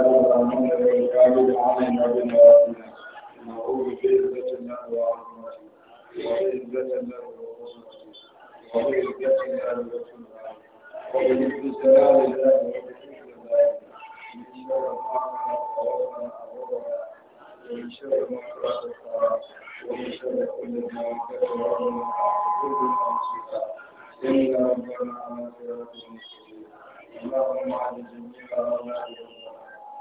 اللهم بك علينا بنواتنا نعوذ بعزة الله وعظمته وعزة الله وعظمته وعزة الله وعظمته وبالابتسام الله وبالحمد لله من شر ما خلقنا ومن شر ما خلقنا ومن شر كل ما كفرنا كل ما سوى إن ربنا على صراط مستقيم اللهم على جميع أولادنا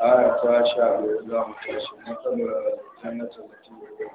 Ayata sha biyu za mu tashi na kan da ta nace da tuwa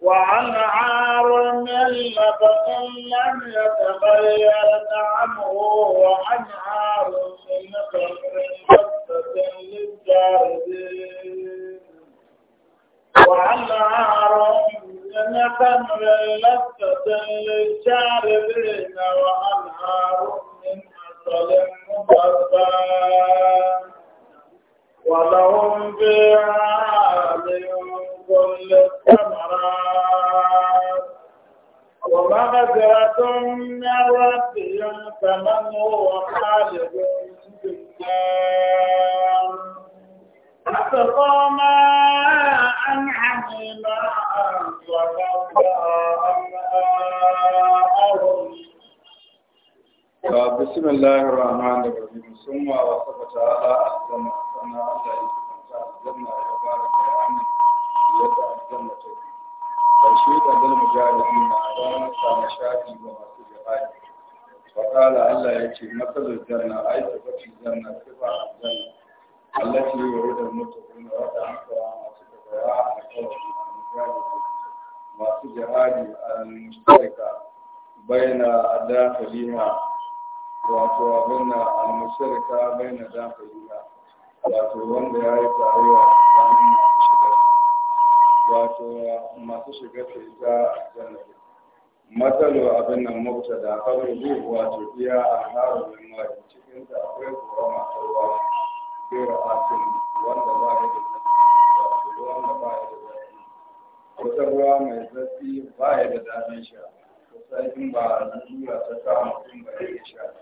وأنعار من لبن لم يتغير طعمه وأنعار من لبن للشاربين وأنعار من تمر لذة للشاربين وأنعار من عسل مصفى ولهم فيها من كل الثمرات ومغفرة من ربهم فمن هو خالد في النار أسقى ماء حميما وكفى بسم الله الرحمن الرحيم ثم وصفت على أحسن kuma Allah ya kanta a ya fara bayani yadda aljanna ta da dal mujahidi na ranar samu shafi masu jihadi Allah ya ce matsalar janna ai tabbacin janna sifa aljanna Allah ce yi wa rudar mutum masu masu jihadi baina abin baina wato wanda ya yi tarayya tsakanin masu shiga wato masu shiga ta ita Matsalar abin nan mafita da kawai zai wato biya a harin limari cikin da akwai kuwa masu ruwa kera asin wanda ba ya da wato wanda ba ya da zafi wata ruwa mai zafi ba ya da damin sha kusan in ba a lalura ta sa mutum ba ya sha ba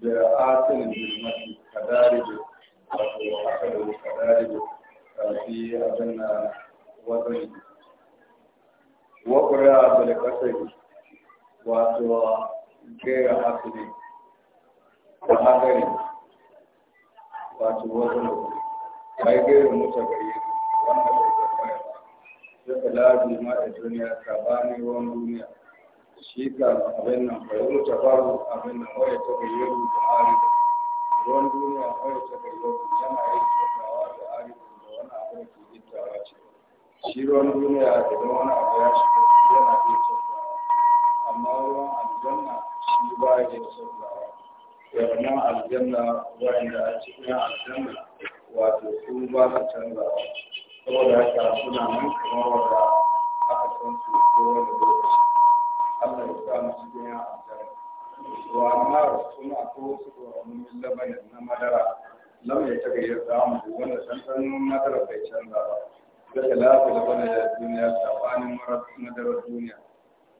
da asin bilmati kadari da wato ya haɗu da kasari wato gera hasiri da hagari wato wato mai gera mota gari wanda ya kasar ya kalabi ma da duniya tabani ruwan duniya shi ka abin bai wuce faru abin nan wadda ta gari ya ruwan duniya kawai ta gari yana yi tattawa da arifin da wani abu da ke gittawa ce shi ruwan duniya da don wani abu ya shiga, yana iya tattawa amma ruwan aljanna shi ba ya da tattawa yawanan aljanna wa'anda a cikin aljanna wato su ba su canza saboda haka suna nan kamar wanda aka san su wani lokaci Allah ya sa mu cikin yan wa amma suna ko wasu ƙwararrun labanin na madara lam ya ta gayyar samu wanda sansanin madara bai canza ba daga lafi labanin da duniya sabanin madarar duniya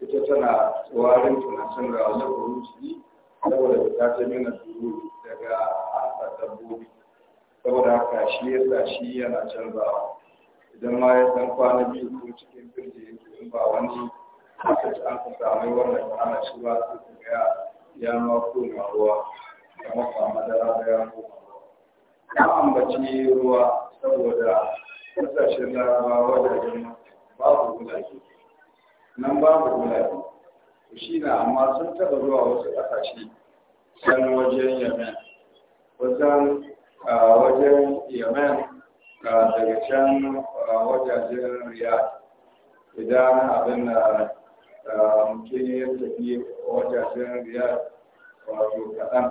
ita tana warin tunashin ga wani kuruci saboda ta ce mina duru daga hasa dabbobi saboda haka shi ya sa shi yana canzawa idan ma ya san kwana biyu ko cikin firji yake in ba wani aka ci an ka samu wannan kwana shi ba su ga ya ma koma ruwa ya maka madara ya koma ruwa ambaci ruwa saboda kasashen larabawa wajajen babu gulaje nan babu gulaje shi na amma sun taba zuwa wasu kasashe can wajen yamen wajen wajen yamen daga can wajen riyad idan abin da mutum ya tafi wajajen riyar wato kaɗan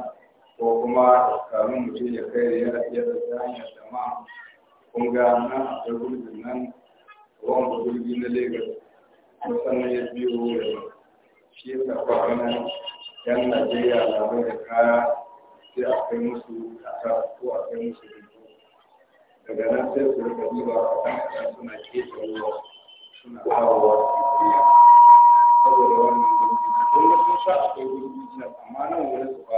ko kuma kamin mutum ya kai riyar ya ta hanyar jama'a kun ga nan akwai gurbin nan wanda gurbi na lagos musamman ya biyo wurin shi ya tafi a nan yan najeriya labar da kaya sai a kai musu kasa ko a kai musu dubu daga nan sai su rika duba a kan suna keta ruwa suna hawa wa saboda wannan don da sun sha akwai wurin bita amma nan wurin su ba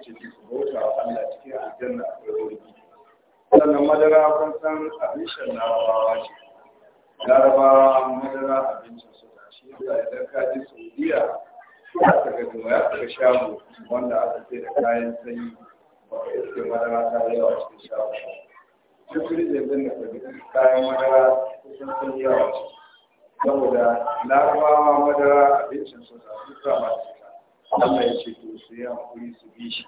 su ce su bauta wa Allah cikin aljanna akwai wurin bita sannan madara kun san abincin larabawa ce larabawa madara abincin su ta shi yasa idan ka ji saudiya aka ga doya aka shago wanda aka ce da kayan sanyi ba ka iske madara ta yawa cikin shago zai rijin da ka kayan madara kusan sun yawa ciki saboda larabawa madara abincin su na suka masu Allah ya ce to su yi kuri su bi shi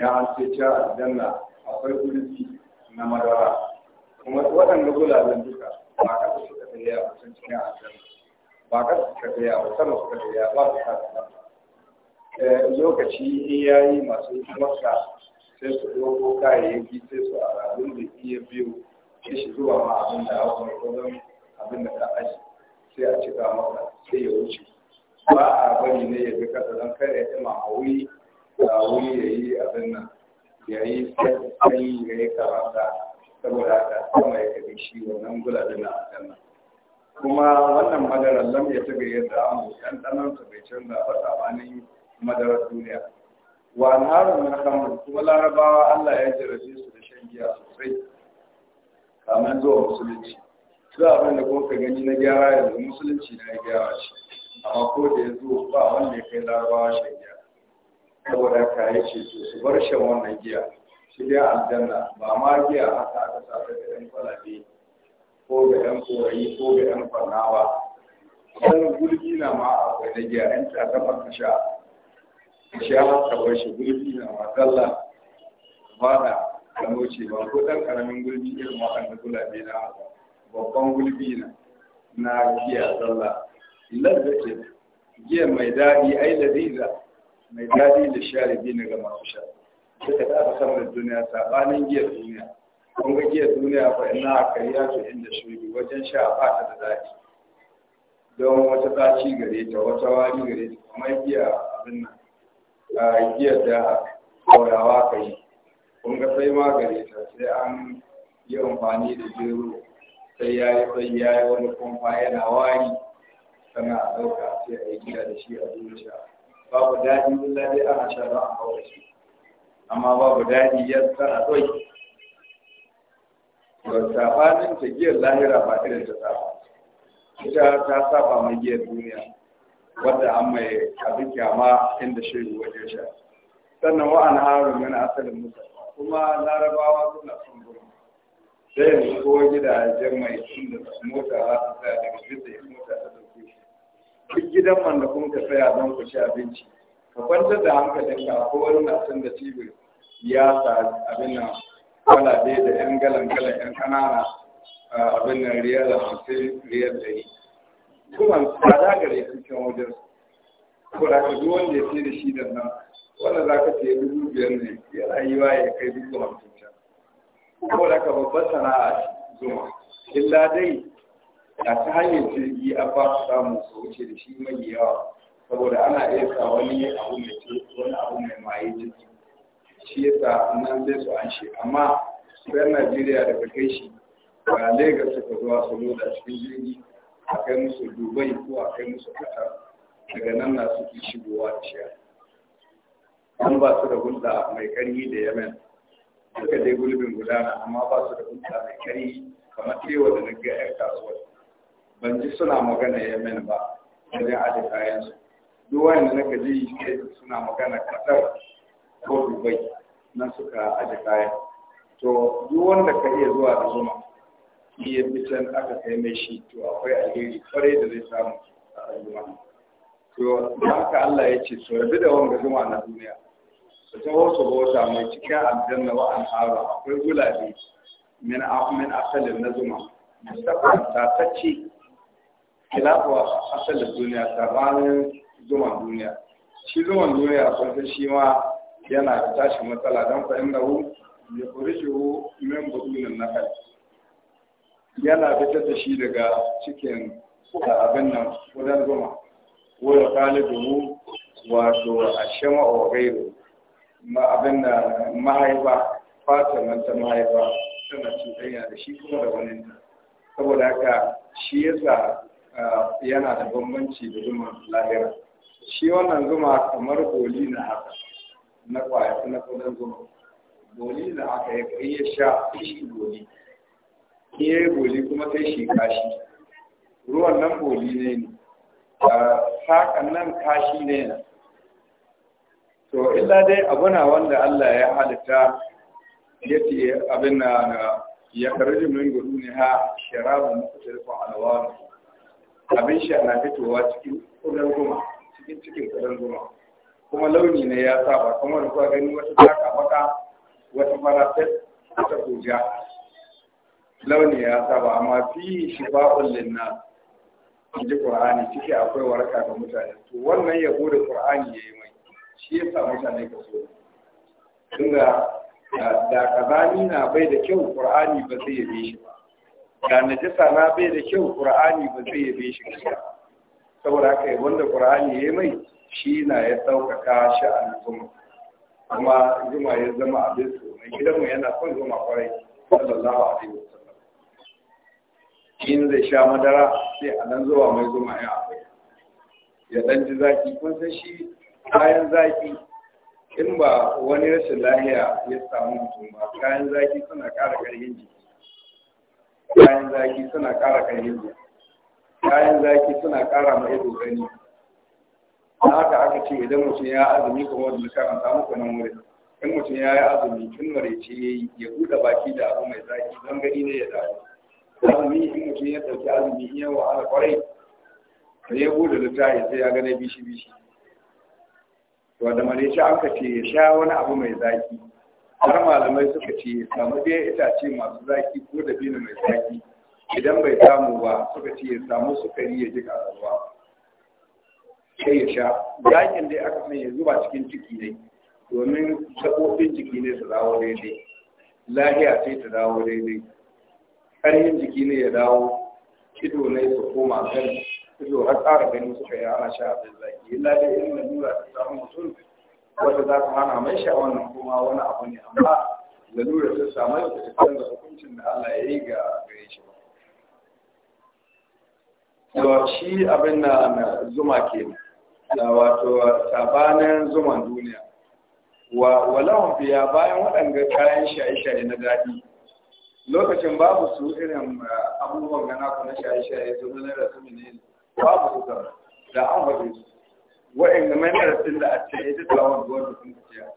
ya an sai ta aljanna akwai gurbi na madara kuma waɗanda gulaben duka ba ka su ka tsaye a kusan cikin aljanna ba ka su ka tsaye a sama su ka tsaye ba su ka tsaye eh, lokaci in ya yi masu masa sai su ɗauko kayayyaki sai su a rabin da iya biyu ya shi zuwa ma abin da mai abin da ka aji sai a cika maka sai ya wuce ba a bari ne ya bi kasa don kare ya ɗima a wuri da wuri ya yi abin nan ya yi sanyi ya yi karanta saboda haka sama ya kaɗi shi wannan da na nan kuma wannan madarar lam ya taɓa yadda an amu ɗan ɗanansa bai canza ba tsamanin madarar duniya wa narin na kamar kuma larabawa allah ya jirage su da shan giya sosai kamar zuwa musulunci su abin da kuma gani na gyara yanzu musulunci na gyara shi amma ko da ya zo ba wanda ya kai larabawa shan giya saboda ka yi ce to su bar shan wannan giya shi dai aljanna ba ma giya haka aka sa ta ga kwalabe ko ga yan korayi ko ga yan kwanawa wani na ma akwai na giya yan ta gaba ka sha ka sha ka bar shi gurbi na ma zalla ba da kanoce ba ko ɗan ƙaramin gulbi irin waɗanda gulabe na ba. babban gulbi na na giya zalla ke? giya mai daɗi ai ladiza mai daɗi da sharibi na ga masu sha suka ta aka samu duniya sabanin giyar duniya kun ga giyar duniya fa ina a kariya to inda shuri wajen sha ba ta da daɗi don wata ɗaci gare ta wata wari gare ta kuma giya abin nan a giyar da kaurawa ka yi kun ga sai ma gare ta sai an yi amfani da gero sai ya yi sai ya yi wani kumfa yana wari kana ɗauka sai a yi gida da shi a zuciya babu daɗi illa dai ana sha don a haura shi amma babu daɗi ya tsara ɗauki to sabanin ta giyar lahira ba irin ta saba ita ta saba mai giyar duniya wadda an mai abin kyama inda shi wajen sha sannan wa'an harun yana asalin mutane. kuma larabawa suna sai mu shigo gidajen mai inda mota a su tsaya daga bisa ya mota ta dauke shi duk gidan man da kun ka tsaya don ku ci abinci ka kwantar da hankalinka ko wani na san da cibiyar ya sa abin nan kwalabe da yan galan galan yan kanana abin nan riyar da hamsin riyar da yi kuma tsada gare su can wajen ko da ka duk wanda ya sai da shi da nan wanda za ka ce dubu biyar ne yana yi wa ya kai dubu hamsin can ko da ka babbar sana'a zuma illa dai da ta hanyar jirgi a ba su samu su wuce da shi mai yawa saboda ana iya sa wani abu mai wani abu mai maye jirgi shi yasa nan zai su an shi amma sai Najeriya da kai shi ba Lagos suka zuwa su loda cikin jirgi a kai musu Dubai ko a kai musu Qatar daga nan na su shigowa da shi an ba su da hulɗa mai karhi da yamen suka dai gulbin gudana amma ba su da hujja mai kari kamar cewa da na ga 'yan kasuwar ban ji suna magana ya mini ba wajen ajiye kayan su duk wanda na ji suna magana kaɗar ko dubai na suka ajiye kayan to duk wanda ka iya zuwa da zuma iya fitan aka kai mai shi to akwai alheri kwarai da zai samu a zuma to da haka Allah ya ce so rabi da wanga zuma na duniya su taho bauta mai cikin aljanna wa an akwai gulabe min min asalin zuma. musamman tatacce kilafuwa asalin duniya sabanin zuma duniya shi zuma duniya kwanza shi ma yana da tashi matsala don fa'in da hu ya kuri shi hu min na kai. yana fitar da shi daga cikin da abin nan kudan zuma wadda kalibu wato a shama gairu abin da mahaifa fatan ta mahaifa tana cuɗanya da shi kuma da wani saboda haka shi yasa yana da bambanci da zuma lahira shi wannan zuma kamar goli na haka na kwaya na kudin zuma goli na haka ya kai ya sha shi goli in ya yi goli kuma sai shi kashi ruwan nan goli ne ne sakan nan kashi ne na to illa dai abuna wanda Allah ya halitta yace abin na ya karji min gudu ne ha sharabun mutarifin alwanu abin sha na fitowa cikin kudan goma cikin cikin kudan goma kuma launi ne ya saba kuma da kuwa gani wata taka baka wata farafet wata kuja launi ya saba amma fi shifa'un linnas in ji qur'ani ciki akwai waraka ga mutane to wannan yabo da qur'ani yayi shi ya sa mutane ka so tunda da kazani na bai da kyau qur'ani ba zai yabe shi ba da najasa na bai da kyau qur'ani ba zai yabe shi ba saboda haka wanda qur'ani yayi mai shi na ya sauƙaƙa shi a mutum kuma zuma ya zama abin su mai mu yana son zuma kwarai sallallahu alaihi wasallam in zai sha madara sai a nan zuwa mai zuma ya ya ɗan ji zaki kun san shi kayan zaki in ba wani rashin lahiya ya samu mutum ba kayan zaki suna ƙara ƙarfin jiki kayan zaki suna ƙara ƙarfin jiki kayan zaki suna ƙara mai gani na haka aka ce idan mutum ya azumi kuma wanda karanta muku nan wurin in mutum ya yi azumi tun marece ya yi ya buɗe baki da abu mai zaki don gani ne ya dawo azumi in mutum ya ɗauki azumi in yawa ala kwarai ya buɗe littafi sai ya gane bishi bishi to da aka ce ya sha wani abu mai zaki har malamai suka ce ya samu itace masu zaki ko da bina mai zaki idan bai samu ba suka ce ya samu sukari ya ji kasuwa sai ya sha zakin dai aka sanya ya zuba cikin ciki ne domin sabobin jiki ne su dawo daidai lahiya sai ta dawo daidai ƙarfin jiki ne ya dawo ido ne su koma kan ido har ƙara gani suka yi ana sha abin zaki illa dai irin lalura ta samu mutum wanda za ta hana mai sha wannan kuma wani abu ne amma lalura ta samu yau ta tafiya da hukuncin da Allah ya yi ga gare shi ba. To shi abin na zuma ke da wato sabanin zuman duniya. Wa walahun bayan waɗanda kayan shaye-shaye na daɗi lokacin babu su irin eh, abubuwan gana ku na shaye-shaye su na rasu ne babu kusa da an waje su wa'anda mai marasin da a ce ita ta wani zuwa da sun kaciya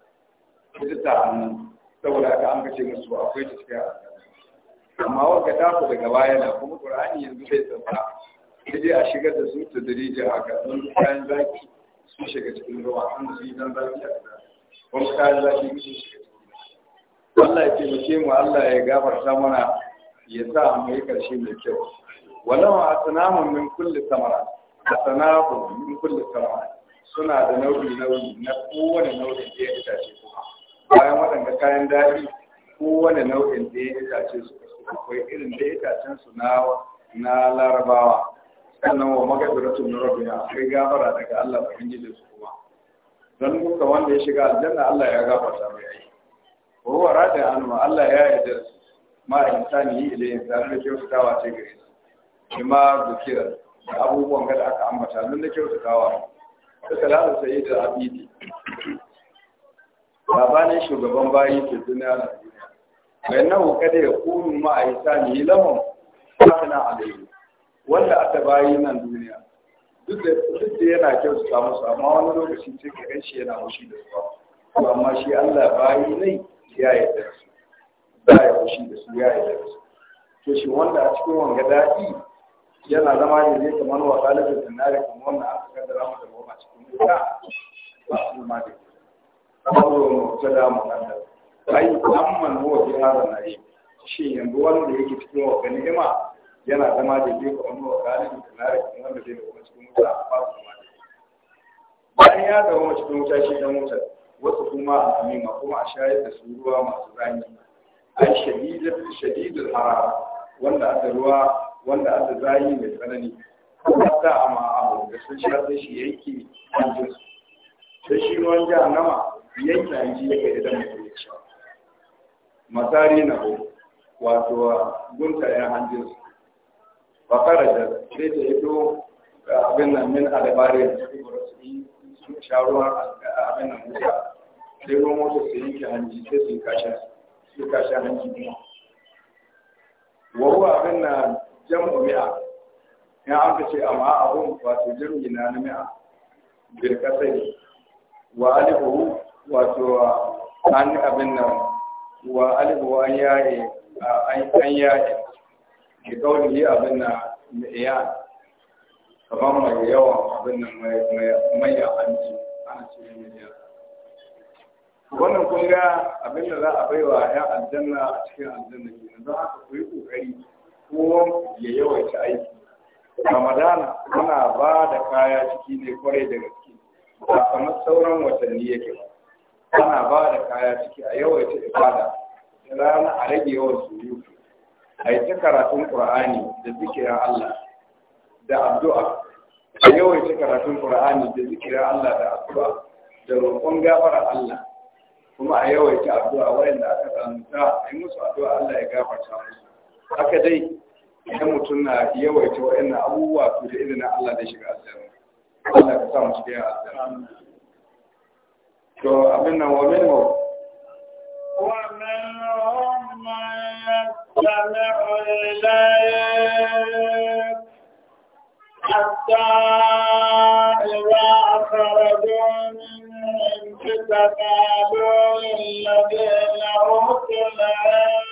ita ta hannu saboda aka an kace musu akwai ta cikin amma wanda ta ku daga baya na kuma qur'ani yanzu bai tsamba sai a shigar da su ta dirija haka don kayan zaki su shiga cikin ruwa an su yi dan zaki a kan Wani kayan zaki su shiga Allah ya taimake mu Allah ya gafarta mana ya sa mu yi karshe mai kyau walau asnamun min kulli samara asnamun min kulle samara suna da nau'i nau'i na kowane nau'in da ya itace kuma bayan waɗanda kayan daɗi kowane nau'in da ya itace su, akwai irin da itacen su na na larabawa sannan wa magabiratun na ya akwai gafara daga Allah ubangiji su kuma don duka wanda ya shiga aljanna Allah ya gabata mai ai wa huwa radi Allah ya yarda ma insani ilayhi da kyautatawa ce gare bima zukira da abubuwan da aka ambata nan da kyautatawa da salatu sai da abidi labanin shugaban bayi ke duniya na duniya bayan nan kada ya kunu ma'aisa ne lahun kana alayhi wanda aka bayi nan duniya duk da yana kyautata musu amma wani lokaci sai ka shi yana hushi da su amma shi Allah bayi ne ya yarda su ba ya hushi da su ya yarda su to shi wanda a cikin wanga daɗi yana zama ne zai kamar wa talibin tunare kuma wannan aka kaddara da goma cikin wuta ba su ma da kawo mota da ai, ai mu wa fi hadha na'im shi yanzu wanda yake cikin wa ganima yana zama da zai kamar wa talibin tunare kuma wanda zai goma cikin wuta ba su ma da bayan ya goma cikin wuta shi dan wutar wasu kuma a amima kuma a shayar da su ruwa masu zanyi. ai shadidul harara wanda aka ruwa wanda aka zayi mai tsanani hatta a ma'amu da sun sha sai shi yanki hanjin su sai shi ruwan jahannama yanki hanji kai idan mutum ya sha masari na ko wato guntayen hanjin su bakara da sai ta hito abin nan min alabarin da su su sha ruwa abin nan wuta sai ruwan wata su yanki hanji sai su kashe su kashe hanji wa abin nan jam'u mi'a in aka ce amma abun wato jam'i na na mi'a bil kasari wa alifu wato an abin nan wa alifu an yaye an yaye ke kauli abin na mi'a kamar mai yawan abin nan mai hanci ana ce miliyan wannan kun ga abin da za a baiwa 'yan aljanna a cikin aljanna kenan don haka ku yi ƙoƙari kowa ya yawaita aiki ramadana ana ba da kaya ciki ne kwarai da gaske ba kamar sauran watanni yake ba ana ba da kaya ciki a yawaita ibada da rana a rage yawan suyu a yi ta karatun qur'ani da zikirin allah da addu'a a yawaita karatun qur'ani da zikirin allah da addu'a da roƙon gafara allah kuma a yawaita addu'a wayanda aka tsananta a yi musu addu'a allah ya gafarta musu haka dai idan mutum na yawaita wa'annan abubuwa to da izinin Allah zai shiga aljanna Allah ka sa mu shiga aljanna to abin nan wa min mu. wa min man yastami'u ilayk hatta idza akhraju min عندك قالوا للذين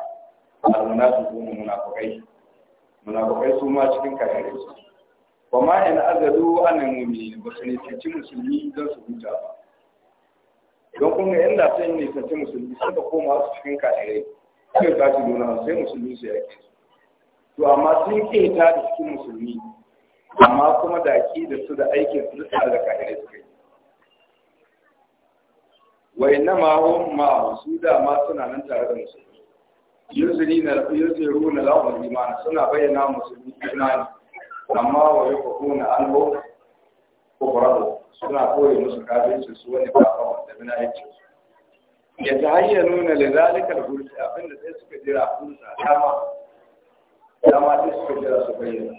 almunafiqun munafiqai munafiqai su ma cikin kafirai su kuma in azadu annal mu'minin ba su ne cikin musulmi don su huta ba don kuma ga inda sai ne musulmi sai ka koma su cikin kafirai sai ka ci dona sai musulmi su yake to amma sun ke ta da cikin musulmi amma kuma da da su da aikin su da da kafirai su kai wa inna ma hum su da ma suna nan tare da musulmi Yuzuri na yusiru na lahul iman suna bayyana musulmi imani amma wa Albo anhu kufrahu suna koyi musu kafirci su wani kafa wanda muna su. ya ta hanyar nuna lizalikar hulsa abinda sai suka jira hulsa dama dama sai suka jira su bayyana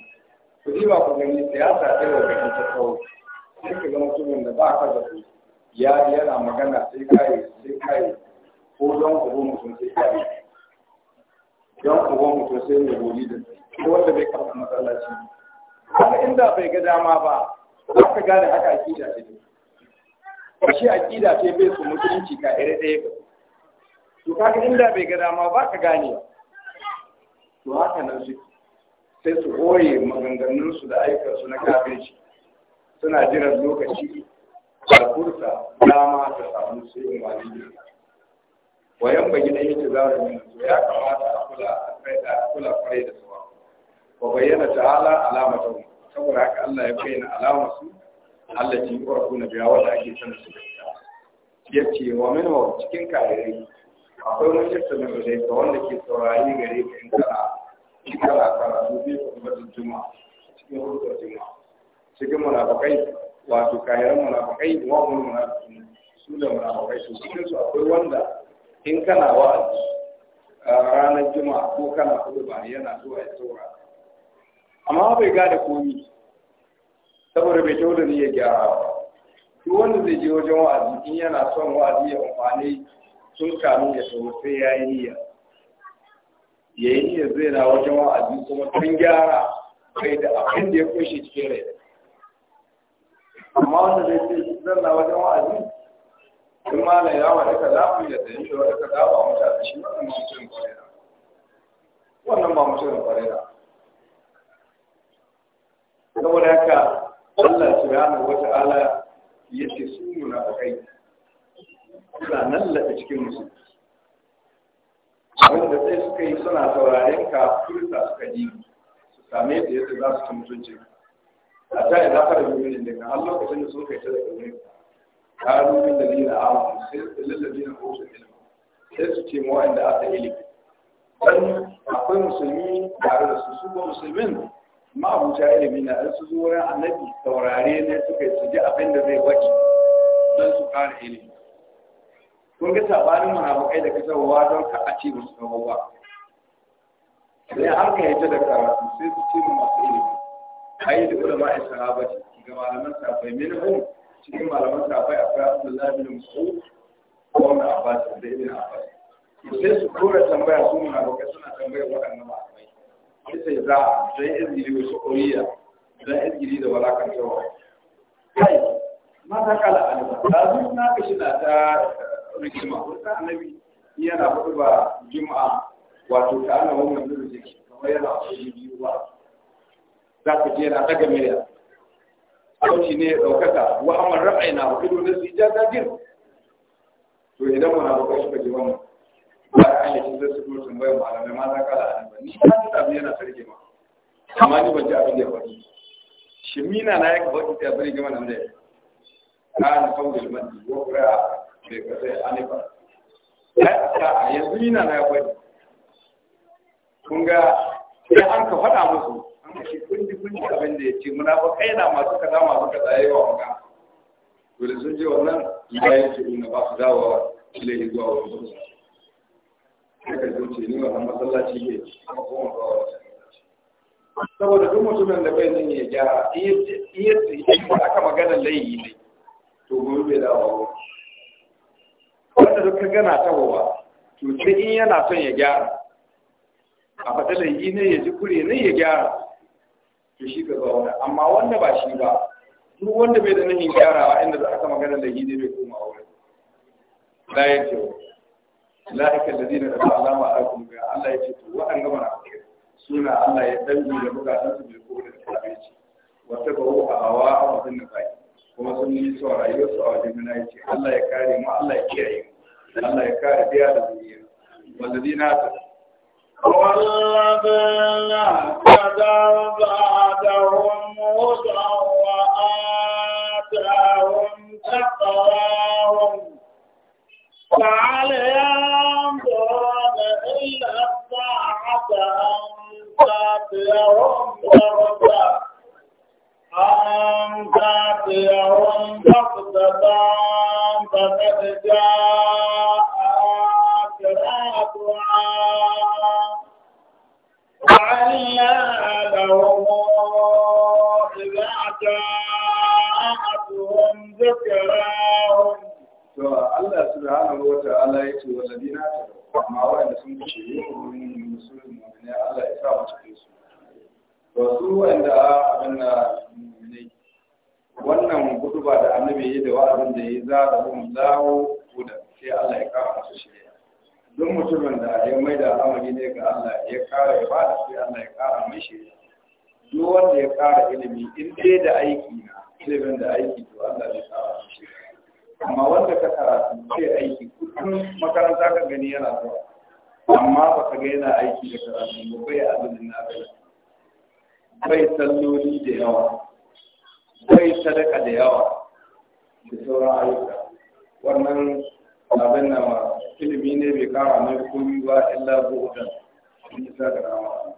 ku ji ba ku gani siyasa ta yau da ta kawo sai ka ga mutumin da ba ka zato ya yana magana sai kai sai kai ko don ku mutum sai kai don kuwa mutu sai mai goli da shi wanda bai kafa masallaci amma inda bai ga dama ba za ka gane haka akida ce ne shi akida ce bai su musulunci ka ire ɗaya ba to kaga inda bai ga dama ba ka gane to haka nan su sai su ɓoye maganganunsu da su na kafirci suna jiran lokaci da Fursa, dama ta samu sai in wani ne wayan bagi yake zaura min ya kamata a kula da kula kwarai da su Ba bayyana ta'ala alamatu saboda haka Allah ya bayyana alamatu Allah ji ƙwarku na biya wanda ake sanar su gaskiya ya ce wa min wa cikin kayayyaki akwai wani yadda na gare ka wanda ke saurari gare ka in kana in kana karatu zai kuma da juma'a cikin hulɗar juma'a cikin munafakai wato kayan munafakai wa mun munafakai su da munafakai su cikin su akwai wanda in kana wa'azi ranar juma'a ko kana kudu ba yana zuwa ya saura amma bai gane komi saboda bai kyau da ni ya gyara ba duk wanda zai je wajen wa'azi in yana son wa'azi ya amfani sun kanu ya sauro sai ya yi niyya ya yi niyya zai na wajen wa'azi kuma tun gyara kai da abin da ya kunshi cikin rai amma wanda zai ce zan na wajen wa'azi in malam ya wa daga lafi da tsayin shi wadda ka dafa mutane shi wannan ba mutum kwarera wannan ba mutum kwarera saboda haka Allah subhanahu wa ta'ala ya ce su munafikai suna lallata cikin musu wanda sai suka yi suna sauraren ka furta suka ji su same da yadda za su ci mutunci a ta yi zafar da mulin daga har lokacin da sun kai ta daga wurin قالوا للذين آمنوا للذين أوتوا العلم sai su ce ma inda aka ilimi dan akwai musulmi tare da su su ba musulmin ma abuta ilimi na an su zo wurin annabi taurare ne suka su ji abin da zai baki don su kare ilimi kun ga sabanin munafukai da wa don ka a ce musu kawo ba sai har ka yi ta da karatu sai su ce masu ilimi ayi da ulama ya sahaba ga malaman sabai min hu cikin malaman a akwai Abdullah bin Mas'ud ko na Abbas da Ibn Abbas sai su kora tambaya su munafikai suna tambayar waɗannan malamai sai za a dan izgiri wasu ƙoriya dan izgiri da jawa kai ta kala alba ɗazu na kashi na ta rikima wata annabi yana faɗi ba juma'a wato ta ana wannan zurfi kamar yana a biyu ba za ka je na daga miliyan kauci ne ya ɗaukaka wa amma ra'ayna wa ido na ta jin to idan wani ba kai suka ji wannan ba an yi cikin su ko tambayar malamai ma za ka da ba, ni ba ta abin yana sarki ma amma ni ban ji abin da ya faru. shi mina na ya ka faɗi ta bari gama nan da ya kana kawai mandi wa qira'a bai ka sai anifa hatta yanzu mina na ya faɗi kun ga sai an ka faɗa musu shi kunji kunji abin da ya ce muna ba kai na masu kaza masu kaza yawa maka dole sun ce wannan bayan ce ina ba su dawowa ilai zuwa wani mutum sai ka zo ce ni wannan masallaci ne kuma kuma ba saboda duk mutumin da bai nan ya gyara in iya ce ba aka magana laifi ne to gobe bai dawo wanda duk ka gana tahowa to sai in yana son ya gyara a faɗa laifi ne ya ji kure ne ya gyara to shi ka zauna amma wanda ba shi ba duk wanda bai da nahin a inda za aka magana da ne bai koma wurin la ya ce la'ika ladina da alama a kuma ga Allah ya ce to wa'an gama na suna Allah ya dangi da bukatun su bil kowa da ce, wata ba a hawa a wajen da bai kuma sun yi su a rayuwarsu a wajen na ya ce Allah ya kare mu Allah ya kiyaye mu Allah ya kare biya da duniya zina ta والذين اهتدوا بعدهم هدى وآتاهم تقواهم فهل ينظرون إلا الساعة أن تأتيهم بغتة أن تأتيهم بغتة جاءتهم ذكراهم to Allah subhanahu wa ta'ala ya ce wa ladina ta amma wanda sun kace yi mu'minin musulmi Allah ya sa abin wannan guduba da annabi ya da wa'azin da ya za da mun lawo guda sai Allah ya kawo su shirya duk mutumin da ya maida amari ne ga Allah ya kawo ya ba da sai Allah ya kawo mai shirya duk wanda ya ƙara ilimi in dai da aiki na ilimin da aiki to Allah ya ƙara shi amma wanda ka karatu sai aiki kullum makaranta ka gani yana zuwa amma ba ka ga yana aiki da karatu ba bai abin na ba. bai salloli da yawa bai sadaka da yawa da sauran ayyuka wannan abin na ilimi ne bai kara mai komi ba illa bu'udan in isa ga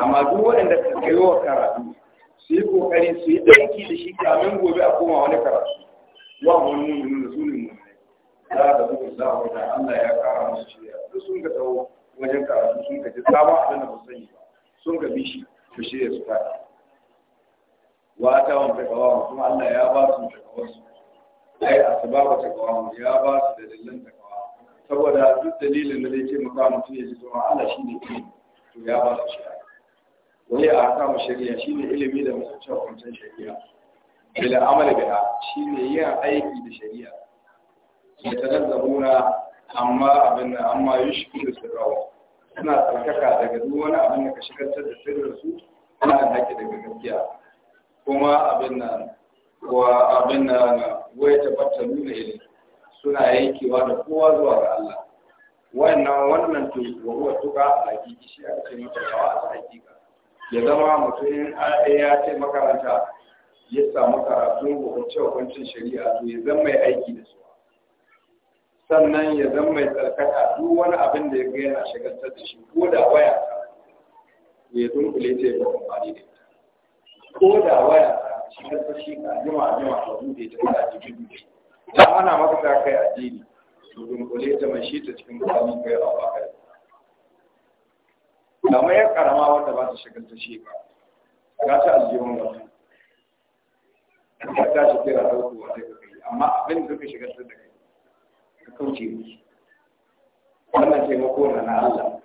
amma duk waɗanda suka yi wa karatu su yi ƙoƙari, su yi aiki da shi kamin gobe a koma wani karatu wa wani mummuni da sunan mummuni za ka zuwa a wata Allah ya kara musu shirya sun ka tsawo wajen karatu sun ka ji sabon abin da ba sani ba sun ka bi shi shirya su fara wa ta wani takawa kuma Allah ya ba su takawarsu ai asbaba takawa ya ba su da dalilan takawa saboda duk dalilin da zai taimaka mutum ya ji tsoron Allah shi ne ke to ya ba su shirya wani a kama shari'a shi ne ilimi da musamman hukuncin shari'a ila amala biha shi ne yin aiki da shari'a ya tanazzabuna amma abin da amma yushku da rawa suna tsarkaka daga duk wani abin da ka shigantar da sirrinsu ana da haƙƙi daga gaskiya kuma abin nan wa abin nan waya tabbatar nuna ilimi suna yankewa da kowa zuwa ga Allah wannan wannan to wa huwa tuka a hakiki shi a cikin mutuwa a hakika ya zama mutumin ɗaya ya ce makaranta ya samu karatu hukuncin shari'a to ya zama mai aiki da su sannan ya zama mai tsarkaka duk wani abin da ya ga yana shagaltar da shi ko da waya ta ya kule ta yi amfani da ita ko da waya shi ka shi ka jima jima ya tafi a kana jibi da ana maka ta kai addini to dunkule ta mai shi ta cikin mutane kai a wakar. kamar ya karama wadda ba ta shagalta shi ba ga ta aljihun wata ka ta kira dauko wata ka kai amma abin da ka shagalta da kai ka kauce miki wannan taimako na na Allah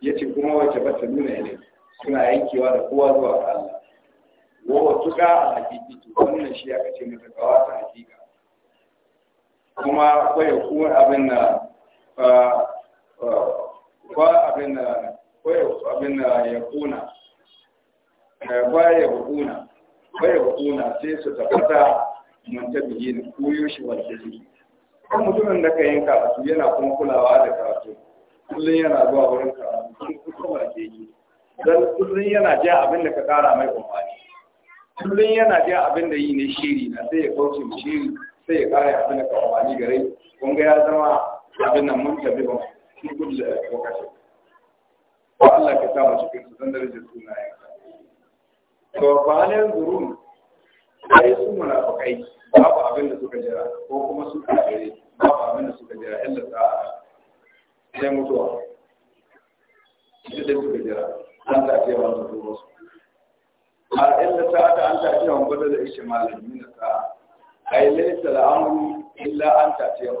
ya ce kuma wace ba ta nuna ne suna yankewa da kowa zuwa ga Allah wawa tuka a hakiki to wannan shi aka ce mata kawa ta hakika kuma kwaya kuwa abin na ba ah, ah, abin na abin da ya kuna eh, ba ya kuna ba kuna sai su tabbata mun tabbiye ne koyo shi wanda zai kan mutumin da ka yin karatu yana kuma kulawa da karatu kullum yana zuwa wurin karatu kun kuma ke yi dan kullum yana ja abin da ka kara mai kumfani kullum yana ja abin da yi ne shiri na sai ya kauce mu shiri sai ya kara abin da ka kumfani gare kun ga ya zama abin nan mun tabi ba kun kullum wakashin ko Allah ka sa mu cikin su dan darajar sunayen to fa halin zurun sai su munafikai babu abin da suka jira ko kuma su kafire babu abin da suka jira illa ta sai mutuwa shi da suka jira an ta ce wa su tuba su har illa ta ta an ta ce wa gwada da ishe malami na ta ai laysa la'amru illa an ta ce wa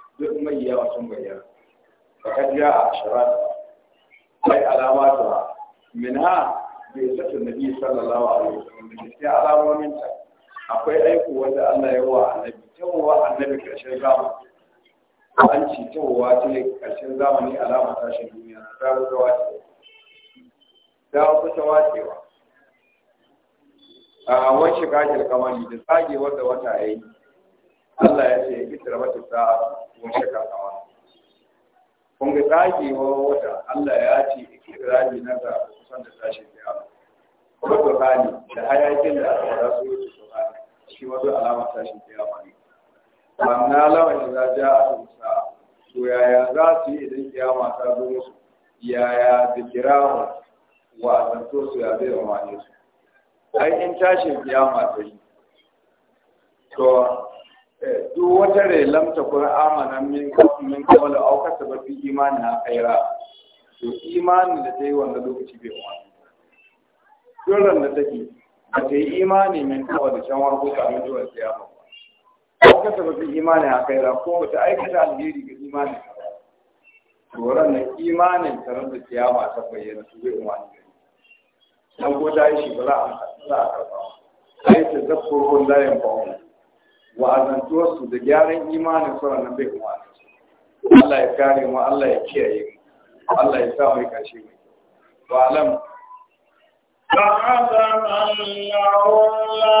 duk mai yawa sun bayyana fakat ya a sharat sai alama ta minha bai sata nabi sallallahu alaihi wasallam da sai alamomin ta akwai aiko wanda Allah ya wa annabi tawowa annabi karshen zamani an ci tawowa ta karshen zamani alama tashin duniya ta rubuta ce Ta kusa wacewa a wace gajin kamari da tsagewar da wata ya yi Allah ya ce ya fitar mata sa'a gobe ka kawa kun ga tsagewa wata Allah ya ce ikirari na ga kusan da tashin kiyama wato hali da hayakin da aka fara so yi su hali shi wato alama tashin kiyama ne amma lawan da za a musa to yaya za su yi idan kiyama ta zo musu yaya da kirawo wa zanto su ya zai amfane su ai in tashin kiyama ta yi to duk wata rai lamta kun amanan min kafin min kawala au kasa ba fi imani na kaira to imani da ta yi wanda lokaci bai wani turan da take ba ta yi imani min da can kusa kamin zuwa siyama au kasa ba fi imani na kaira ko ba ta aikata alheri ga imani to ranar imanin tarar da siyama ta bayyana su bai wani dan ko ta yi shi ba za a karɓa ai ta zafi kurkun layin ba'u su da gyaran imanin suna nan bai kuma Allah ya kare mu Allah ya kiyaye mu Allah ya sa mai kashe mu wa alam ba'adana Allah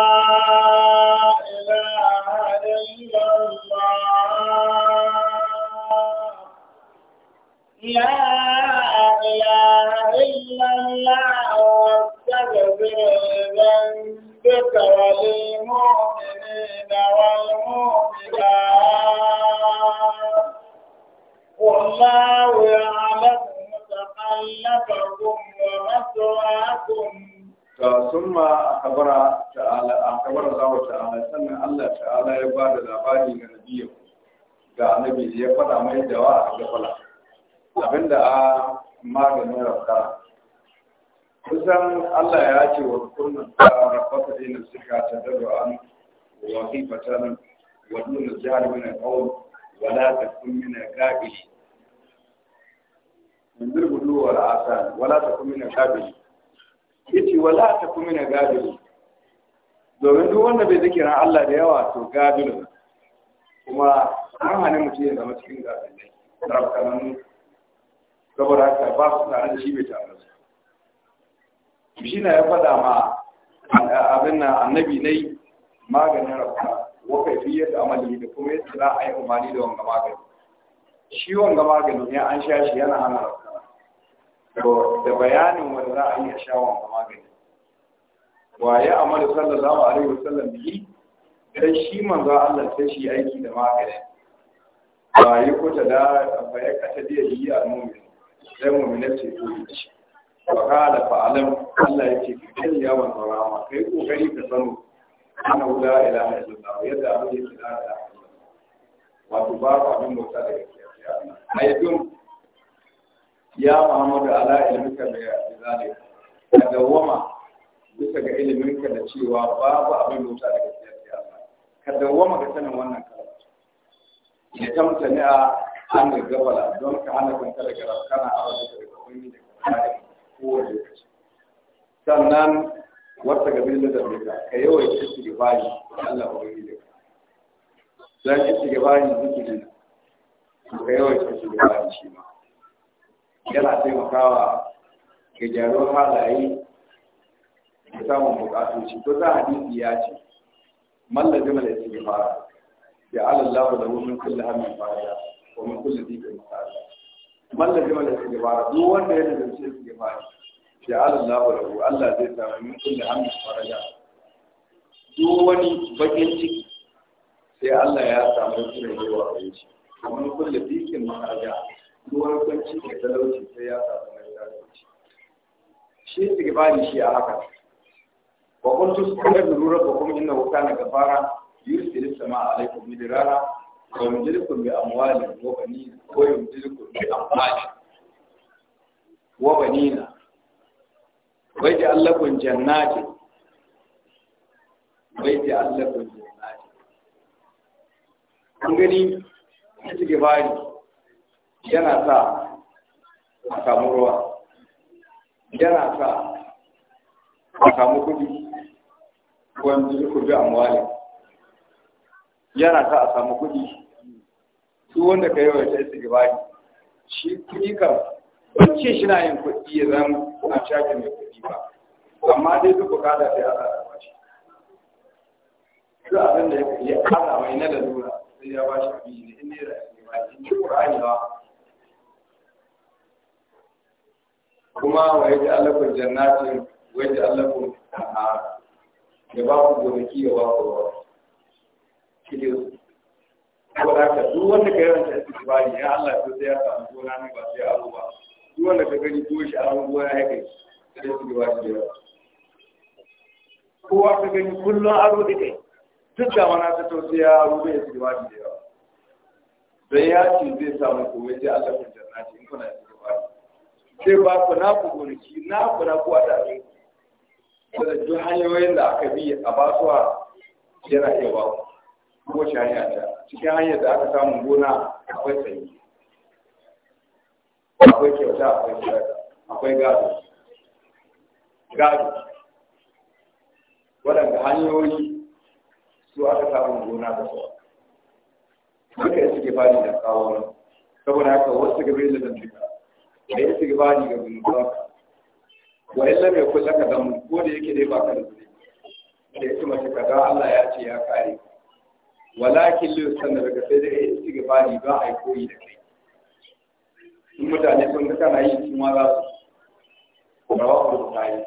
akabara ta'ala a akabara Allah ta'ala sannan Allah ta'ala ya ba da labari ga nabiya ga annabi ya fada mai da wa a gafala abinda a maganin rafa kusan Allah ya ce wa kullun ta rabbaka din suka ta da an wa fi khifatan wa dun jahal min al-qawl wa la takun min al-qabil min dirbu wa al-asan wa la takun min al-qabil yace wala ta kuma na gadi domin duk wanda bai zikirin Allah da yawa to gabilun kuma an hane mutum ya zama cikin gabilai rafkanan saboda haka ba su tare da shi bai tare su shi na ya faɗa ma abin na annabi ne maganin rafka wakai fi yadda amali da kuma yadda za a yi umarni da wanga maganin. shi wanga maganin ya an sha shi yana hana rafka da bayanin wanda za a yi a sha wanga maganin. Sallar za mu sallallahu alaihi da bihi dan shi manzo Allah sai shi aiki da magani ba yi kuta da ba ya kata da yi a mu'min sai mu'min ce to shi wa qala fa alam Allah yake kai ya manzo rama kai kokari ka sanu ana la ilaha illallah yadda abin yake da Allah wato ba abin bauta da gaskiya ya Allah ayyun ya Muhammadu ala ilmika bi zalika dawama bisa ga ka da cewa babu abin wuta daga cikin siyasa, Allah ka dawwama maka sanin wannan karatu ya tamta ne a an ga gabala don ka hana kanka daga rafkana a wajen da kawai da kuma ko wanda ya sannan wata gabin da zai ka yawai kishi da bayi Allah ba wani da don kishi da bayi zikiri ka yawai kishi da bayi shi ma yana taimakawa ga gyaruwar halaye da samun bukatoci to za hadisi ya ce mallan jama'a da ke fara ya alallahu da min kulli hammin fara ko mun kullu dhiqin musta'ad Malla jama'a da ke fara duk wanda ya da shi ke fara ya alallahu da Allah zai samu min kulli fara ya duk wani bakin ciki sai Allah ya samu kira yawa a yi ko mun kullu dhiqin musta'ad duk wani kwanci da talauci sai ya samu mai talauci shi ke bani shi a haka wa kuntu astaghfiru rabbakum innahu kana ghafara yursilu samaa alaykum midrara wa yumdidukum bi amwalin wa banin wa yumdidukum bi amwalin wa banina wa yaj'al lakum jannatin wa yaj'al lakum jannatin kun gani istighfari yana sa a samu ruwa yana sa a samu kudi wanda ku bi amwali yana sa a samu kuɗi su wanda ka yawa ta su gabani shi kuɗi kan bacci shi na yin kuɗi ya zama a shaƙi mai kuɗi ba amma dai su bukata da a tsara ba shi Su abin da ya kada mai na lalura sai ya ba shi abin da in naira ya ba shi cikin ƙur'ani ba kuma wa yaji alakun jannatin wa yaji alakun anhara ya ba ku gonaki ya ba ku ruwa kiliyo da haka duk wanda ka yi yawan istighfari ya Allah to sai ya samu gona ne ba sai abu ba duk wanda ka gani ko shi aro gona ya kai sai istighfari da yawa kowa ka gani kullum aro da kai duk da wani ta to sai ya aro da istighfari da yawa dan ya ce zai samu komai sai Allah ku jannati in kuna istighfari sai ba ku na ku gonaki na ku na ku a da abin da duk hanyoyin da aka bi a basuwa yana iya ba ko shi hanya ta cikin hanyar da aka samu gona akwai sanyi akwai kyauta akwai sadaka akwai gado gado waɗanda hanyoyi su aka samu gona da su duka ya suke bani da kawo saboda haka wasu gabe da zantuka da ya suke bani ga zunubanka wa illa mai kusa ka damu ko da yake dai baka da zuri da kuma mace kaza Allah ya ce ya kare walakin lu sanar daga sai dai ya ci gaba ni ba yi koyi da kai in mutane sun ga kana yi kuma za su rawa ko tayi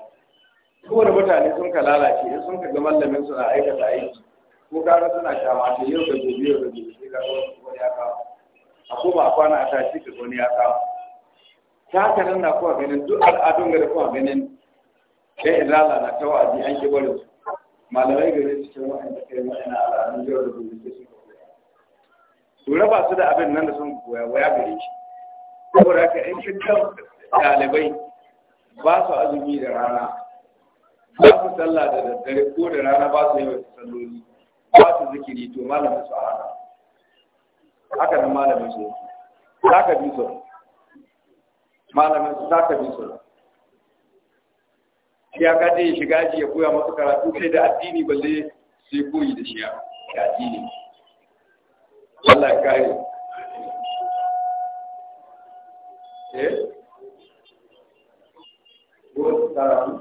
ko da mutane sun ka lalace in sun ka ga mallamin su na aikata aiki ko kaga suna shama ta yau da gobe yau da gobe sai ka kaga wani ya kawo a ko ba kwana a tashi ka wani ya kawo ta nan na kuwa ganin duk al'adun gari da kuwa ganin sai izala na ta wa'azi an ki barin su malamai gare su cikin wa'anda kai wa'ina al'adun jiyar da gudun da sun koya su raba su da abin nan da sun koya waya gari shi saboda haka in kan ɗalibai ba su azumi da rana ba su sallah da daddare ko da rana ba su yawan salloli ba su zikiri to malamin su a hana haka nan malamin su yake haka bi su malamin su za ka bi su ya ka dai shiga ji ya koya masu karatu sai da addini balle sai koyi da shi Ya addini Allah ya kare eh ko karatu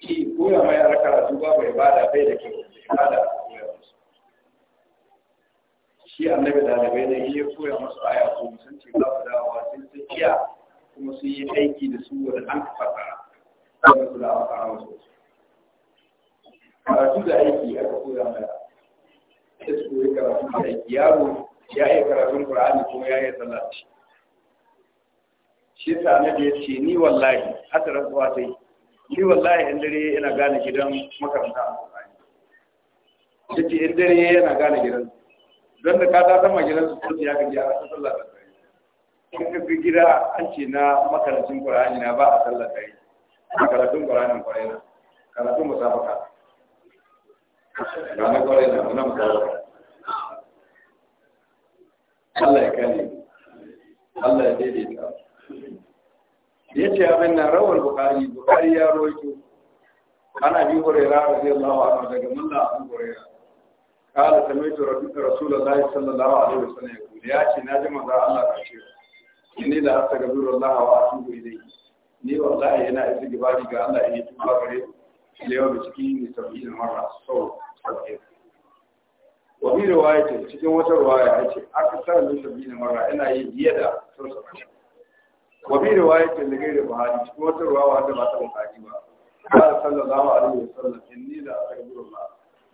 ki koya mai karatu bai bada bai da kyau bada shi annabi dalibai ne ya koya masu aya ko sun ce ba su dawa sai sun tsakiya kuma sun yi aiki da su wanda an fasa a su kula a kawo su karatu da aiki aka koya mai sai su yi karatu da aiki yaro ya yi karatun qur'ani kuma ya yi salati shi sa annabi ya ce ni wallahi hata rasuwa sai ni wallahi yan dare yana gane gidan makaranta a Ya ce, in dare yana gane gidan don da ka tasan magidan su kurti ya gaji a rasu sallar da kai in ka fi gida an ce na makarantun ƙwararri na ba a sallar kai makarantun ƙwararri ƙwararri na karatun musabaka ba na ƙwararri na muna musabaka Allah ya kare Allah ya daidaita ya ce abin na rawar bukari bukari ya roƙi ana bi hurera radiyallahu anhu daga mulla abu hurera قال سمعت رسول الله صلى الله ya وسلم ya ce na ji manzo Allah ka ce لا la الله wa atubu ني ni wallahi yana ga Allah ya yi tuba lewa da ciki ne sabbin marra sau sarki wa bi riwayati cikin wata riwaya yace aka tsara ne sabbin mara. ina yi biye da sau wa bi riwayati da gairi buhari cikin wata riwaya ba ta ba قال صلى الله عليه وسلم إني لا أستغفر الله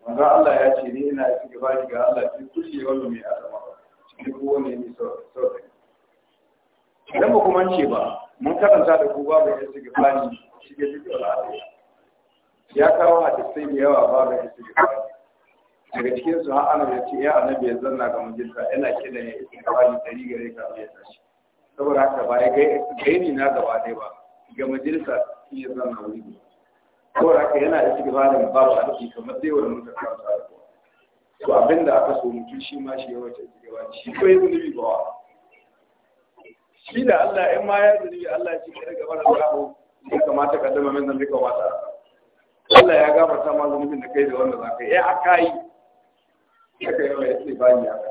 manzo Allah ya ce ni ina ci gaba ga Allah ki kushe wannan mai adama cikin kowane ne saurayi idan ba kuma ce ba mun karanta da kowa babu ya ci shi ni shige duk al'ada ya kawo hadisai da yawa ba ya ci gaba daga cikin su har ana ya ce ya annabi ya zanna ga mujinta yana kida ya yi gaba ni dari gare ka ya tashi saboda haka ba ya gaini na gaba dai ba ga majalisa shi ya zanna wuri kawai haka yana da cikin zalim ba su aiki kamar dai wani mutum kan sa da to abin da aka so mutum shi ma shi yawanci cikin shi ko yi zunubi ba wa shi da Allah in ma ya zunubi Allah shi kada gaba da kawo ya kamata ka dama min zai kamata. Allah ya gafarta ma zunubin da kai da wanda za ka yi eh aka yi aka yi wa yace ba ni aka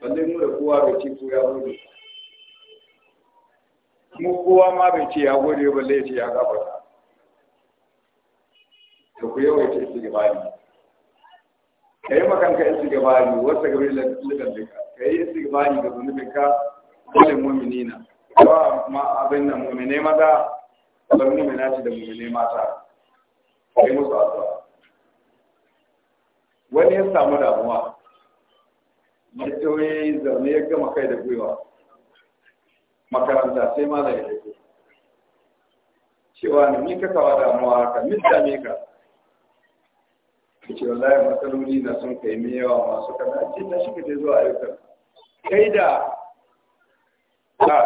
balle mu da kowa bai ce ko ya gode mu kowa ma bai ce ya gode balle ya ce ya gafarta da ku yawaita ka kai makanka istighfari wasa gabi lidan duka kai istighfari ga zunubinka mummini na wa ma abin mata, mu'mine maza na mu'minati da mu'mine mata kai musu asuwa wani ya samu damuwa ya tsoye zaune ya gama kai da gwiwa makaranta sai ma da ya cewa ni ka damuwa haka min dame ka kace wallahi matsaloli na sun kai mai yawa masu kada ce ta shi kaje zuwa ayyukan kai da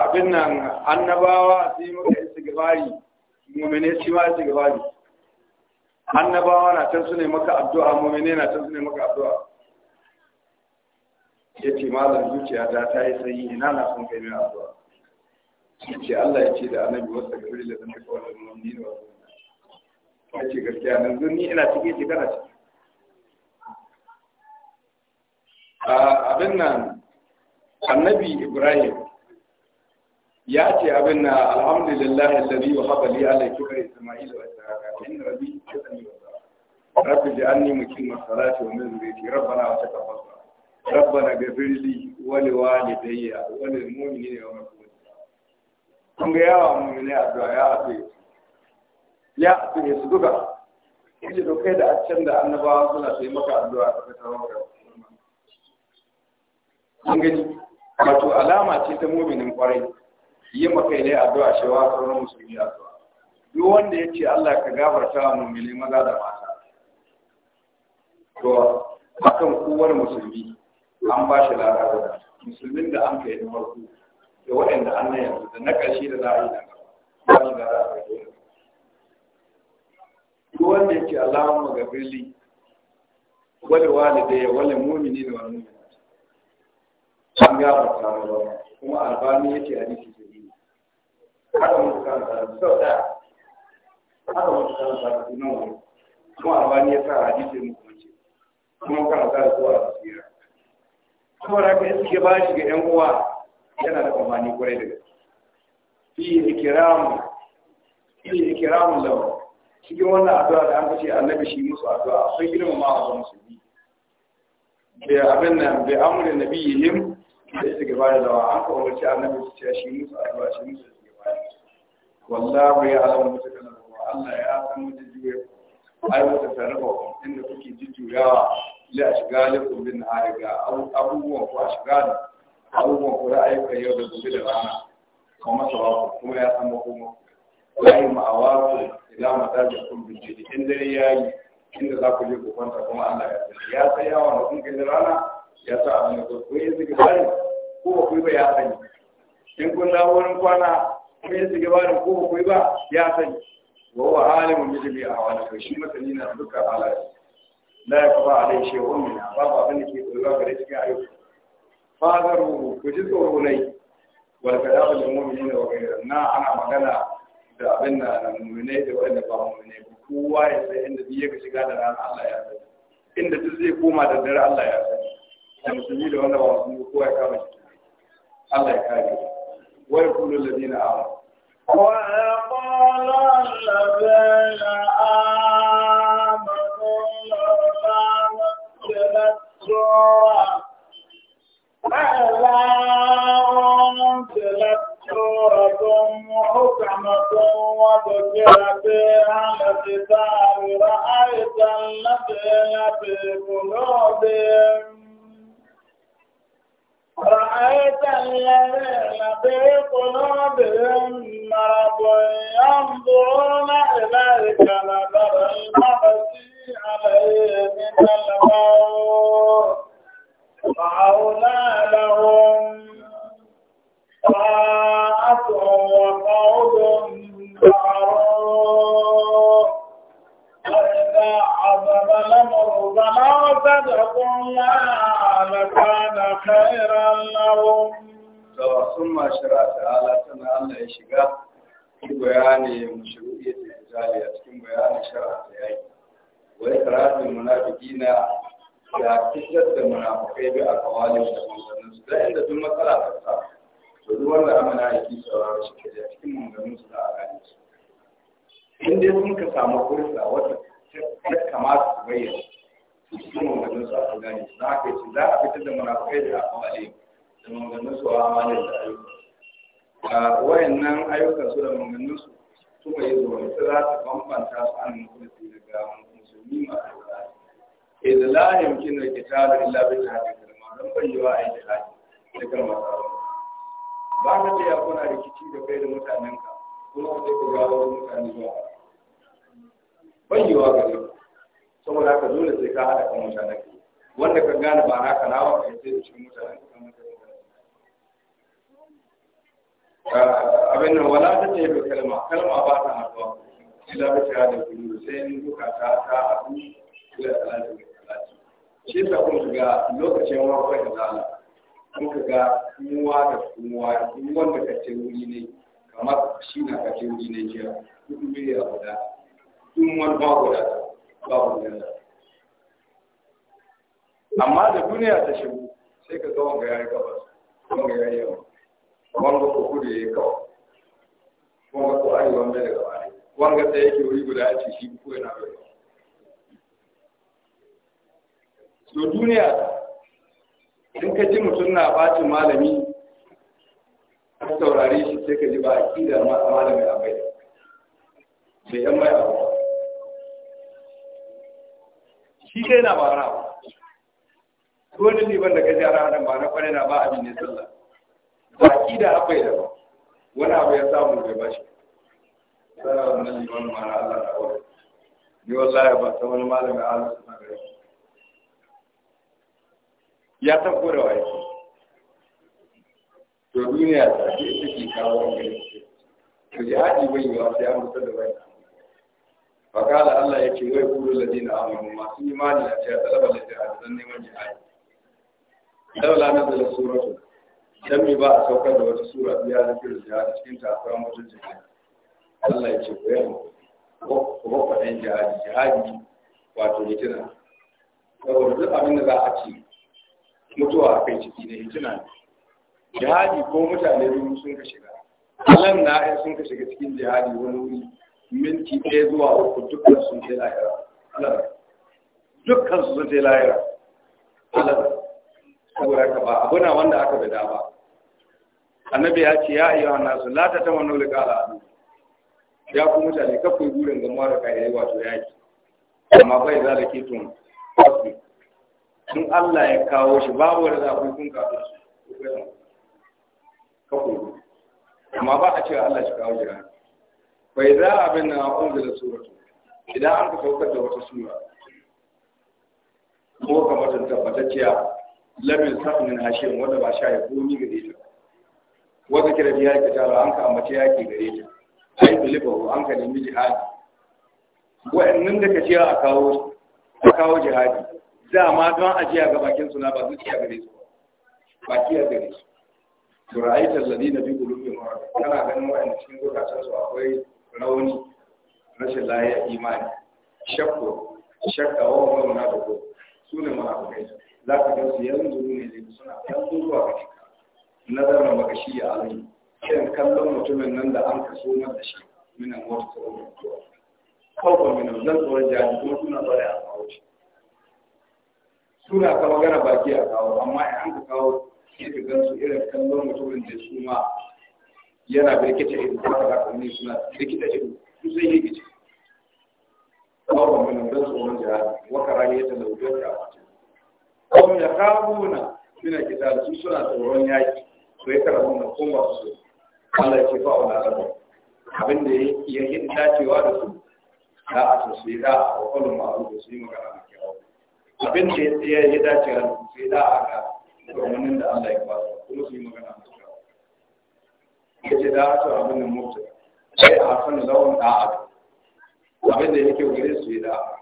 abin nan annabawa su yi maka istighfari mu'mine shi ma gabari annabawa na can su ne maka addu'a mu'mine na can su ne maka addu'a ce malam zuciya ta ta yi sanyi ina na sun kai mai addu'a ce Allah ya ce da annabi wasu gabari da zan ka wannan mu'mini ne wa ya ce gaskiya nan ni ina cikin shi kana ciki abin nan annabi ibrahim ya ce abin nan alhamdulillah alladhi wahaba li ala kibri isma'il wa ishaqa inna rabbi kadani wa rabbi ja'alni muqima salati wa min dhurriyyati rabbana wa taqabbal rabbana ghfir li wa li walidayya wa lil mu'minina yawma qiyamah kun ga yawa mu'mini addu'a ya afi ya afi su duka kace kai da a can da annabawa suna sai maka addu'a ta tawakkal kun gani wato alama ce ta muminin kwarai yi maka ne addu'a cewa sauran musulmi addu'a duk wanda ya ce Allah ka gafarta wa mumini maza da mata to akan kowar musulmi an ba shi larabar musulmin da an kai na farko da waɗanda an na yanzu da na ƙarshe da za a yi nan ba shi larabar duk wanda ya ce Allahumma gafirli wal walidayya wal mu'minina wal mu'minat an gafarta mai wannan kuma albani ya ce hadisi da yi haka mutu kan sa sau da haka mutu kan sa su nan wani kuma albani ya sa hadisi mu kuma ce kuma kan sa su a basira kuma da kai suke ba shi ga yan uwa yana da amfani kwarai da gaske fi ikram fi ikram lahu cikin wannan addu'a da an kace annabi shi musu addu'a akwai a ga musulmi bi abin nan bai bi amri nabiyihim sai su gaba da dawa an kawo wace annabi su ce shi musu addu'a shi musu su gaba wallahu ya alamu mutu kana da Allah ya san mutu juye ai mutu sarrafa inda kuke jujjuyawa la shiga da kullun hariga abubuwan ku a shiga da abubuwan ku ra'ayuka yau da gobe da rana kuma sawaku kuma ya san makoma yayi ma'awaku ila matajin bincike in dare yayi inda za ku je ku kwanta kuma Allah ya san ya tsaya wa mutum kai rana ya sa abin da ku yi zikiri ko ba ku yi ba ya sani in kun dawo wurin kwana kun yi su gabanin ko ba ku yi ba ya sani wa wa alimun bi jami'a wa shi masani na dukkan halaye la yakfa alai shay'un min babu abin da ke koyuwa gare cikin ayyuka fadaru ku ji tsoro nai wal kadabu lil mu'minina wa ghayra na ana magana da abin da mu'minai da wanda ba mu'minai kowa ya sai inda biye ka shiga da ranar Allah ya sani inda duk zai koma da dare Allah ya sani da musulmi da wanda ba musulmi kowa ya kama shi Allah ya kare wa yaqulu alladhina amanu wa yaqulu alladhina amanu la nuzilat surah فلا أنزلت سورة محكمة وذكر فيها الكتاب رأيت الذين في قلوبهم رأيت الذين في قلوبهم مرض ينظرون إليك لا samu kursa wata ya kamata su bayyana su cikin maganganun su a gane su na haka za a fitar da munafukai da amale da maganganun su a amale da ayyuka wayannan ayyukan su da maganganun su su mai zuwa su za su bambanta su an musulmi daga musulmi masu zuwa idan la yamkin da kitabu illa bi tahdid kalma dan bayyana ayi da haji da kalma ba ka da ya kuna rikici da kai da mutanenka kuma ku sai ku gawo mutane zuwa yi wa ku saboda haka dole sai ka haɗa kan mutane wanda ka gane ba naka na wa kai sai da cikin mutane kan mutane abin nan wala ta ce da kalma kalma ba ta haɗuwa ila ba ta da kulu sai in duka ta ta haɗu ila salatu da salatu shi ta kun ga lokacin wakon da zala muka ga kowa da kowa duk wanda ka ce wuri ne kamar shi na ka ce wuri ne jiya duk ya abu tumon wani babu amma da duniya ta shigo sai ka ga wanga yayi gaba ya yayi yawa wanga ko kudu yi kawo wanga ko arewa wanda da gaba ne wanga sai yake wuri guda a ce shi ko yana bai so duniya in ka ji mutum na bacin malami ka saurare shi sai ka ji ba a kida ma malami a bai sai yan mai abu shi dai na bara ba wani liban da gaji a ranar ba na kwane na ba abin ne sallah baki da akwai da ba wani abu ya samu bai ba shi sallah wannan liban ma na Allah na wani ni wallahi ba ta wani malamin Allah suna gare ya tafi da waye to duniya ta ce ke kawo wani to ya haɗi bai yi wa sai an mutu da wani fakala Allah ya ce wai kuru ladina amanu masu imani a ce talaba da jihad dan neman jihad laula na da suratu dan me ba a saukar da wata sura biya da kira da cikin ta akwai mutum Allah ya ce ku yi ko ko dan jihad jihad wato hitina saboda duk abin da za a ci mutuwa a kai ciki ne hitina ne jihadi ko mutane sun ka shiga alam na sun ka shiga cikin jihadi wani wuri minti ɗaya zuwa uku dukkan sun ce lahira alamar dukkan sun ce lahira alamar saboda ka ba abu na wanda aka bada ba annabi ya ce ya iya wannan su lata ta wani rika al'adu ya ku mutane kafin yi burin gamuwa da yi wato yaki amma bai za da ke tun kwasu sun allah ya kawo shi babu wani za ku yi kun kafin su ka amma ba a ce allah shi kawo jira bai za abin na unzila suratu idan an ka saukar da wata sura ko ka matan tabbatacciya lamin sa'anin hashin wanda ba sha ya komi gare ta wata kira biya ke tara an ka ambace gare ta ai bilibahu an ka nemi jihadi wa'annan da ka ciya a kawo a kawo jihadi za ma don ajiya ga bakin suna ba zuciya gare ba kiya gare su to ra'ayi talladi na bi mara kana ganin wayanda cikin zukatansu akwai rauni rashin layi imani shakko shakka wa mauna da ko su ne munafikai za ka ga su yanzu ne ne suna kan zuwa ga shika nazarin magashi ya alai kan kallon mutumin nan da an kaso mar da shi minan wata tsoron mutuwa kawai minan zan tsoron jami'in kuma suna bare a kawo shi suna ka magana baki a kawo amma in an ka kawo sai ka gan su irin kallon mutumin da su ma yana birkice ido ba da ne suna birkita ido su sai yake ci ba mun da tsoron jihar wa karayata da wajen da wata Kuma ya kawo na suna kita su suna tsoron yaki Ko ya karamu na kuma su Allah ya ce ba wani abu abin da ya yi dacewa da su da a sosai da a kwakwalon ma'aru da su yi magana da kyau abin da ya yi dacewa da su sai da a ga da Allah ya ba su kuma su yi magana da su ya ce da aka abin nan mutu sai a san lawan da'a abin da yake gare su da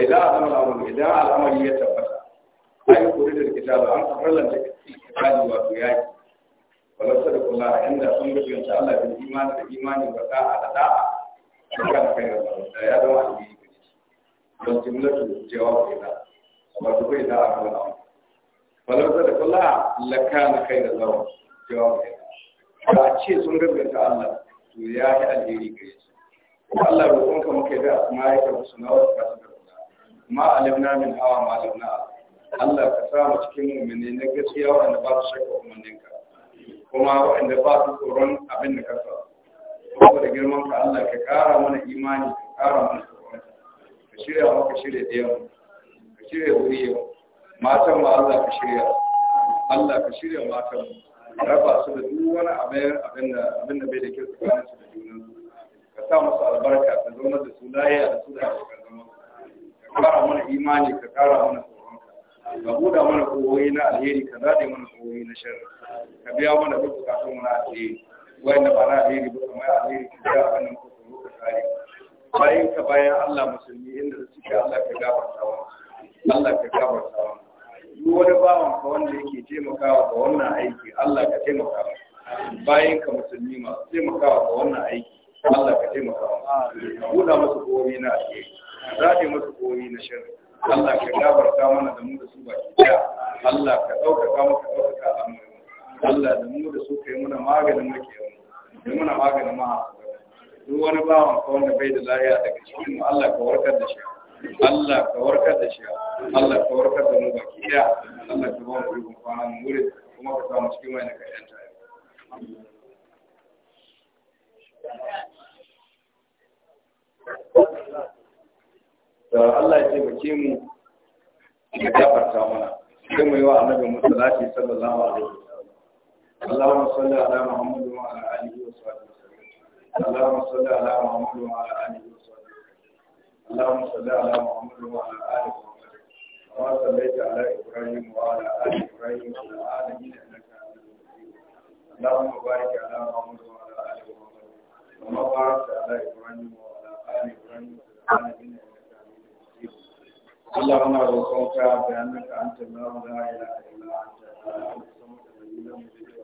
idan al'amari abu idan al'amari ya tabbata ai kuri da kitabu an farlanta kitabu wato yaki wala sadaqullah inda sun bi insha Allah bil imani da imani wa da'a da da'a kan kai da ya zama alheri don jimlatu jawabu ila wato kai da aka wala wala sadaqullah lakana khairu lahum jawabu ba a ce sun gaggata Allah to ya yi alheri gare su Allah roƙonka muka yi da kuma ma'aikar su na wasu kasu da kula ma alimna min hawa ma alimna Allah ka sa mu cikin mummuni na gaskiya waɗanda ba su shakka ka kuma waɗanda ba su tsoron abin da ka sa da girman ka Allah ka ƙara mana imani ka ƙara mana tsoron ka shirya ka shirya ɗayan ka shirya wuri yau matan ma Allah ka shirya Allah ka shirya matan mu raba su da duk wani abin da bai da kyau tsakanin su da junan ka sa masu albarka ka zaunar da su lahiya da su da abokan zama ka kara mana imani ka kara mana tsoronka ka buɗa mana kowoyi na alheri ka zaɗe mana kowoyi na sharri ka biya mana duk bukatun mu na alheri wanda ba na alheri ba kamar alheri ka biya a da muka tsoro ka kare bayan ka bayan Allah musulmi inda suke Allah ka gafarta wa Allah ka gafarta wa duk wani bawan ka wanda yake taimakawa ga wannan aiki Allah ka taimaka bayan ka musulmi masu taimakawa ga wannan aiki Allah ka taimaka buɗa musu komi na alheri zaɓe musu komi na shirin Allah ka gabarta mana da mu da su baki ɗaya Allah ka ɗaukaka maka ɗaukaka al'amari Allah da mu da su kai muna maganin muke yi mu muna maganin ma'a duk wani bawan ka wanda bai da lafiya daga cikin mu Allah ka warkar da shi Allah ka warkar da shi Allah ka warkar da mu baki daya Allah ka ba mu rubun kwana mu wuri kuma ka samu cikin wani ka yanta da Allah ya ce taimake mu ya gafarta mana sai mu yi wa annabi musallati sallallahu alaihi wasallam Allahumma salli ala Muhammad wa ala alihi wa sahbihi Allahumma salli ala Muhammad wa ala alihi اللهم صل على محمد وعلى آل محمد كما صليت على إبراهيم وعلى آل إبراهيم وعلى العالمين إنك حميد مجيد اللهم بارك على محمد وعلى آل محمد كما باركت على إبراهيم وعلى آل إبراهيم وعلى العالمين إنك حميد مجيد اللهم أرزقك بأنك أنت الله لا إله إلا أنت الصمد وعلى آل يلد